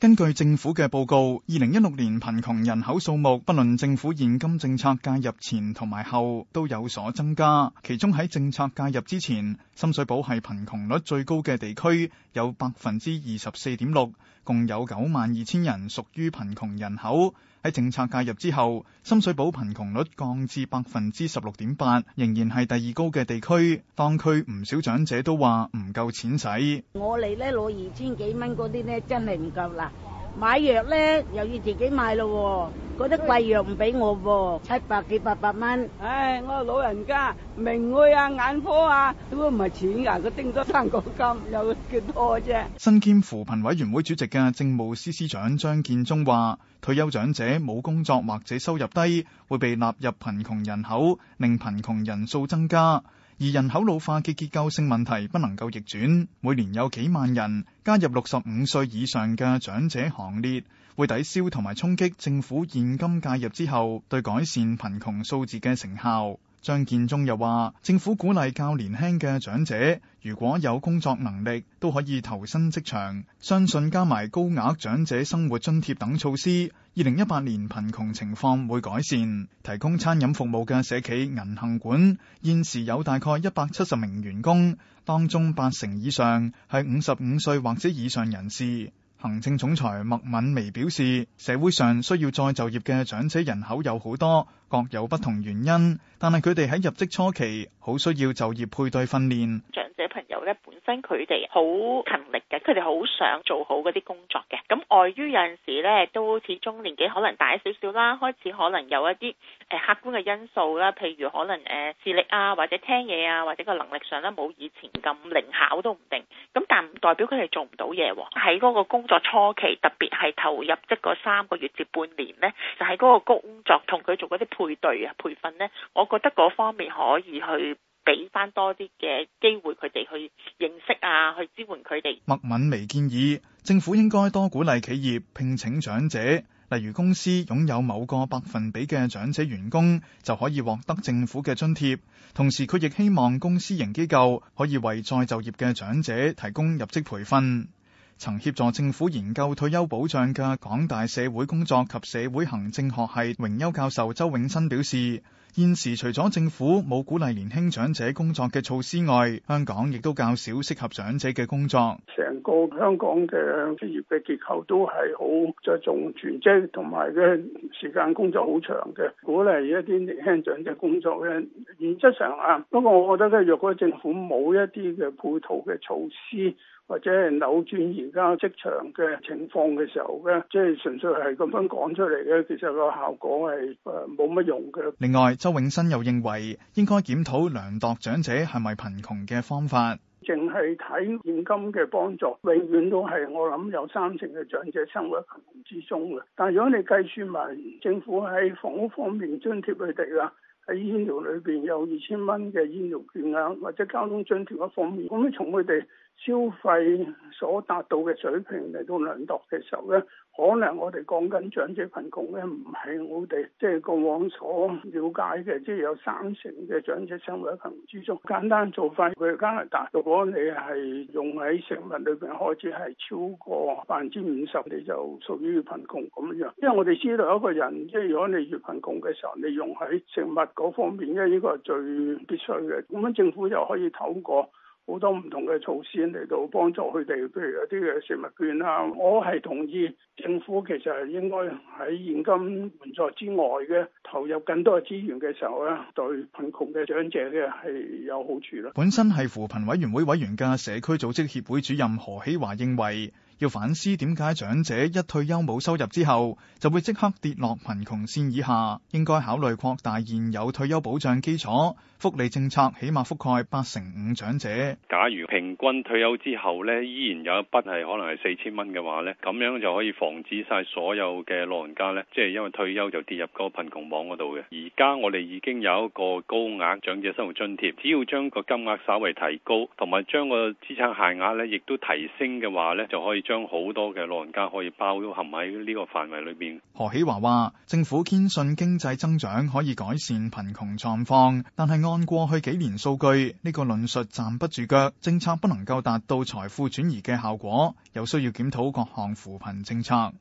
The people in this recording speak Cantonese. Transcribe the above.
根據政府嘅報告，二零一六年貧窮人口數目，不論政府現金政策介入前同埋後都有所增加。其中喺政策介入之前，深水埗係貧窮率最高嘅地區，有百分之二十四點六，共有九萬二千人屬於貧窮人口。喺政策介入之後，深水埗貧窮率降至百分之十六點八，仍然係第二高嘅地區。當區唔少長者都話唔夠錢使，我嚟咧，攞二千幾蚊嗰啲咧，真係唔夠啦。買藥咧又要自己買咯，啊，嗰啲貴藥唔俾我，啊，七百幾八百蚊。唉，哎，我老人家明愛啊眼科啊，如果唔係錢噶，啊，佢叮咗三個金，又有幾多啫，啊？身兼扶貧委員會主席嘅政務司司長張建中話：退休長者冇工作或者收入低，會被納入貧窮人口，令貧窮人數增加。而人口老化嘅結構性問題不能夠逆轉，每年有幾萬人加入六十五歲以上嘅長者行列，會抵消同埋衝擊政府現金介入之後對改善貧窮數字嘅成效。張建宗又話：政府鼓勵較年輕嘅長者，如果有工作能力，都可以投身職場。相信加埋高額長者生活津貼等措施，二零一八年貧窮情況會改善。提供餐飲服務嘅社企銀杏館，現時有大概一百七十名員工，當中八成以上係五十五歲或者以上人士。行政總裁麥敏薇表示，社會上需要再就業嘅長者人口有好多，各有不同原因。但係佢哋喺入職初期好需要就業配對訓練。長者朋友咧，本身佢哋好勤力嘅，佢哋好想做好嗰啲工作嘅。咁礙於有陣時咧，都始終年紀可能大少少啦，開始可能有一啲誒客觀嘅因素啦，譬如可能誒視力啊，或者聽嘢啊，或者個能力上咧冇以前咁靈巧都唔定。咁但唔代表佢哋做唔到嘢喎。喺嗰個工在初期，特別係投入職個三個月至半年咧，就係、是、嗰個工作同佢做嗰啲配對啊、培訓咧，我覺得嗰方面可以去俾翻多啲嘅機會，佢哋去認識啊，去支援佢哋。麥敏薇建議政府應該多鼓勵企業聘請長者，例如公司擁有某個百分比嘅長者員工就可以獲得政府嘅津貼，同時佢亦希望公私營機構可以為再就業嘅長者提供入職培訓。曾協助政府研究退休保障嘅港大社會工作及社會行政學系榮休教授周永新表示，現時除咗政府冇鼓勵年輕長者工作嘅措施外，香港亦都較少適合長者嘅工作。成個香港嘅職業嘅結構都係好着重全職，同埋嘅時間工作好長嘅，鼓勵一啲年輕長者工作咧，原則上啱。不過我覺得咧，若果政府冇一啲嘅配套嘅措施。或者係扭轉而家職場嘅情況嘅時候咧，即係純粹係咁樣講出嚟咧，其實個效果係誒冇乜用嘅。另外，周永新又認為應該檢討量度長者係咪貧窮嘅方法，淨係睇現金嘅幫助，永遠都係我諗有三成嘅長者生活貧窮之中嘅。但係如果你計算埋政府喺房屋方面津貼佢哋啦，喺醫療裏邊有二千蚊嘅醫療券啊，或者交通津貼一方面，咁樣從佢哋。消費所達到嘅水平嚟到量度嘅時候咧，可能我哋講緊長者貧窮咧，唔係我哋即係過往所了解嘅，即係有三成嘅長者生活喺貧窮之中。簡單做法，譬如加拿大，如果你係用喺食物裏邊開支係超過百分之五十，你就屬於貧窮咁樣。因為我哋知道一個人，即係如果你越貧窮嘅時候，你用喺食物嗰方面咧，呢個係最必須嘅。咁樣政府就可以透過。好多唔同嘅措施嚟到幫助佢哋，譬如有啲嘅食物券啊，我係同意政府其實係應該喺現金援助之外嘅投入更多嘅資源嘅時候咧，對貧窮嘅長者嘅係有好處啦。本身係扶貧委員會委員嘅社區組織協會主任何喜華認為。要反思點解長者一退休冇收入之後就會即刻跌落貧窮線以下，應該考慮擴大現有退休保障基礎福利政策，起碼覆蓋八成五長者。假如平均退休之後呢，依然有一筆係可能係四千蚊嘅話呢，咁樣就可以防止晒所有嘅老人家呢，即係因為退休就跌入個貧窮網嗰度嘅。而家我哋已經有一個高額長者生活津貼，只要將個金額稍為提高，同埋將個資產限額呢亦都提升嘅話呢，就可以。將好多嘅老人家可以包含喺呢個範圍裏邊。何喜華話，政府堅信經濟增長可以改善貧窮狀況，但係按過去幾年數據，呢個論述站不住腳，政策不能夠達到財富轉移嘅效果，有需要檢討各項扶貧政策。